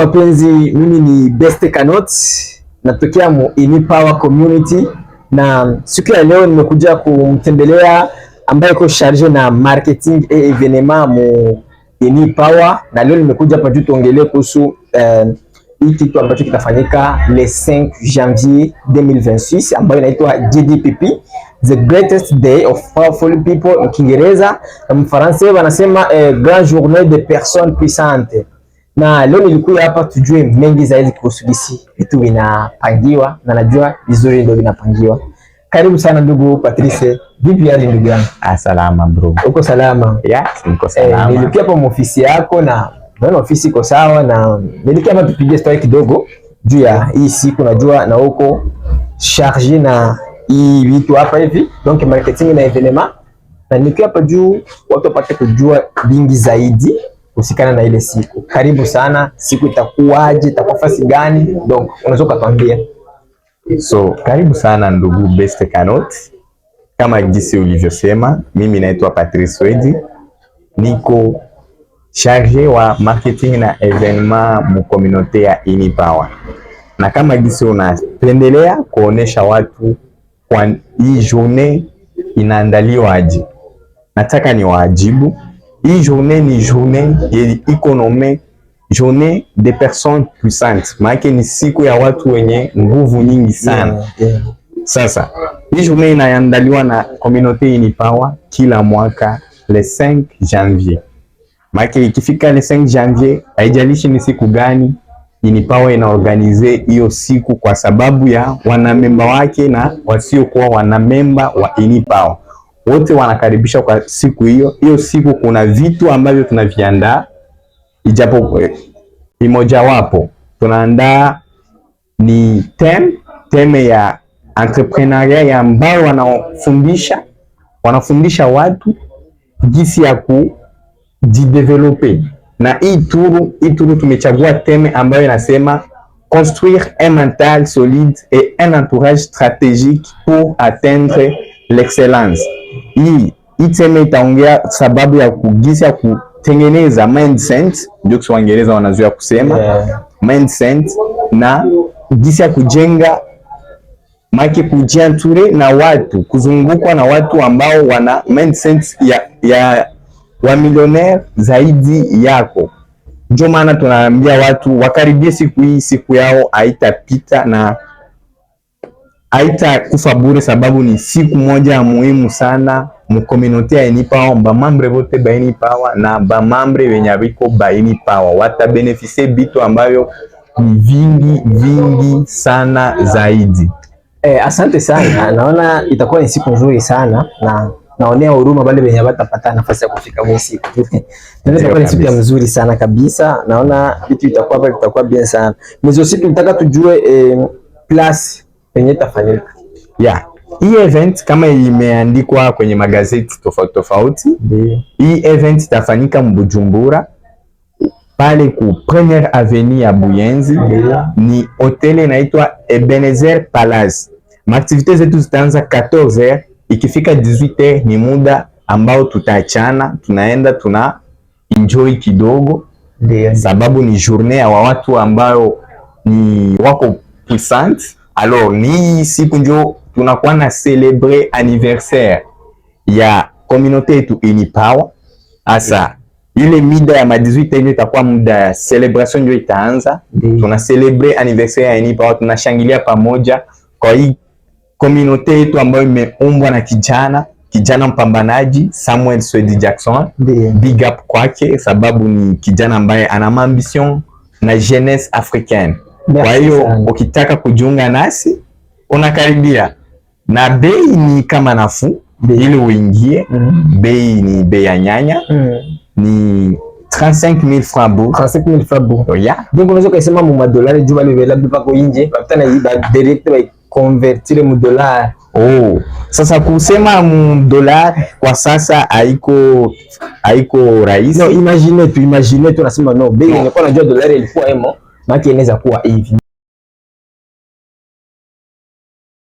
wapenzi, mimi ni Best Canot natokea mu Power Community, na siku ya leo nimekuja kumtembelea ambaye iko charge na marketing e evenement mu Power, na leo nimekuja hapa tu tuongelee kuhusu eh, hii kitu ambacho kitafanyika le 5 janvier 2026 ambayo inaitwa GDPP the greatest day of powerful people in Kiingereza na Mfaransa wanasema eh, grand journée de personnes puissantes na leo nilikuja hapa tujue mengi zaidi kuhusu jinsi vitu vinapangiwa, na najua vizuri ndio vinapangiwa. Karibu sana ndugu Patrice, vipi hali ndugu yangu? Ah, salama bro. Uko salama? Yeah, niko eh, salama. Eh, nilikuja hapa ofisi yako na naona ofisi iko sawa, na nilikuja hapa tupige story kidogo juu ya hii siku, najua na uko charge na hii vitu hapa hivi, donc marketing na evenement, na nilikuja hapa juu watu wapate kujua vingi zaidi kusikana na ile siku. Karibu sana, siku itakuwaje, itakuwa fasi gani? Donc unaweza ukatwambia. So karibu sana ndugu Best Canot, kama jinsi ulivyosema, mimi naitwa Patrice Wedi, niko charge wa marketing na mu mukomunote ya Unipower, na kama jinsi unapendelea kuonesha watu kwa hii journee inaandaliwaje, nataka ni waajibu hii journée ni journée ya economy, journée de personnes puissantes, maana ni siku ya watu wenye nguvu nyingi sana. Sasa hii journée inaandaliwa na communauté Unipawa kila mwaka le 5 janvier. Maana ikifika le 5 janvier, haijalishi ni siku gani, Unipawa inaorganize hiyo siku kwa sababu ya wanamemba wake na wasiokuwa wanamemba wa Inipawa wote wanakaribisha kwa siku hiyo hiyo. Siku kuna vitu ambavyo tunaviandaa, ijapo eh, imojawapo tunaandaa ni tem teme ya entrepreneuria ambao wanafundisha wanafundisha watu jinsi ya kujidevelope. Na hii turu hii turu tumechagua teme ambayo inasema construire un mental solide et un entourage stratégique pour atteindre l'excellence hii iteme itaongea sababu ya kugisa kutengeneza mindset, ndio kwa Kiingereza wanazoea kusema yeah. mindset na gisa ya kujenga make kujianture na watu kuzungukwa na watu ambao wana mindset ya, ya wa milionaire zaidi yako. Ndio maana tunaambia watu wakaribie siku hii, siku yao haitapita na haita kufa bure, sababu ni siku moja ya muhimu sana mukominoti yainipawa bamambre vote bainipawa na bamambre wenye viko aviko bainipawa watabenefise bitu ambayo ni vingi vingi sana zaidi. Eh, asante sana, naona itakuwa ni siku nzuri sana na naonea huruma bale wenye watapata nafasi ya kufika mwe siku. naona Itakuwa ni siku ya mzuri sana kabisa, naona vitu itakuwa itakuwa bien sana mwezo siku, nataka tujue eh, plus penye tafanyika yeah. Hii event kama imeandikwa kwenye magazeti tofauti tofauti, hii event itafanyika Mbujumbura pale ku Premier Avenue ya Buyenzi, ni hoteli inaitwa Ebenezer Palace. Maaktivite zetu zitaanza 14h, ikifika 18h ni muda ambao tutaachana, tunaenda tuna enjoy kidogo Deo. Sababu ni journée ya watu ambao ni wako puissant Alors ni hii siku ndio tunakuwa na celebre anniversaire ya communauté yetu Enipower. Asa ile mida ya ma18 ndio itakuwa muda ya celebration ndio itaanza. Mm. Tuna celebre anniversaire ya Enipower, tunashangilia pamoja kwa hii communauté yetu ambayo imeumbwa na kijana kijana mpambanaji Samuel Swedi Jackson. Mm. Big up kwake sababu ni kijana ambaye ana ambition na jeunesse africaine kwa hiyo ukitaka kujiunga nasi unakaribia, na bei ni kama nafuu ili uingie. mm -hmm. Bei ni bei ya nyanya mm -hmm. ni 35000 francs bourg, 35000 francs bourg. Oya, oh, donc unaweza kusema mu madolari juu bale labda pako inje bakutana hii ba direct ba convertir mu dollar. Oh, sasa kusema mu dollar kwa sasa haiko haiko rahisi. No, imagine tu, imagine tu, nasema no, bei ni kwa najua dollar ilikuwa emo maana inaweza kuwa hivi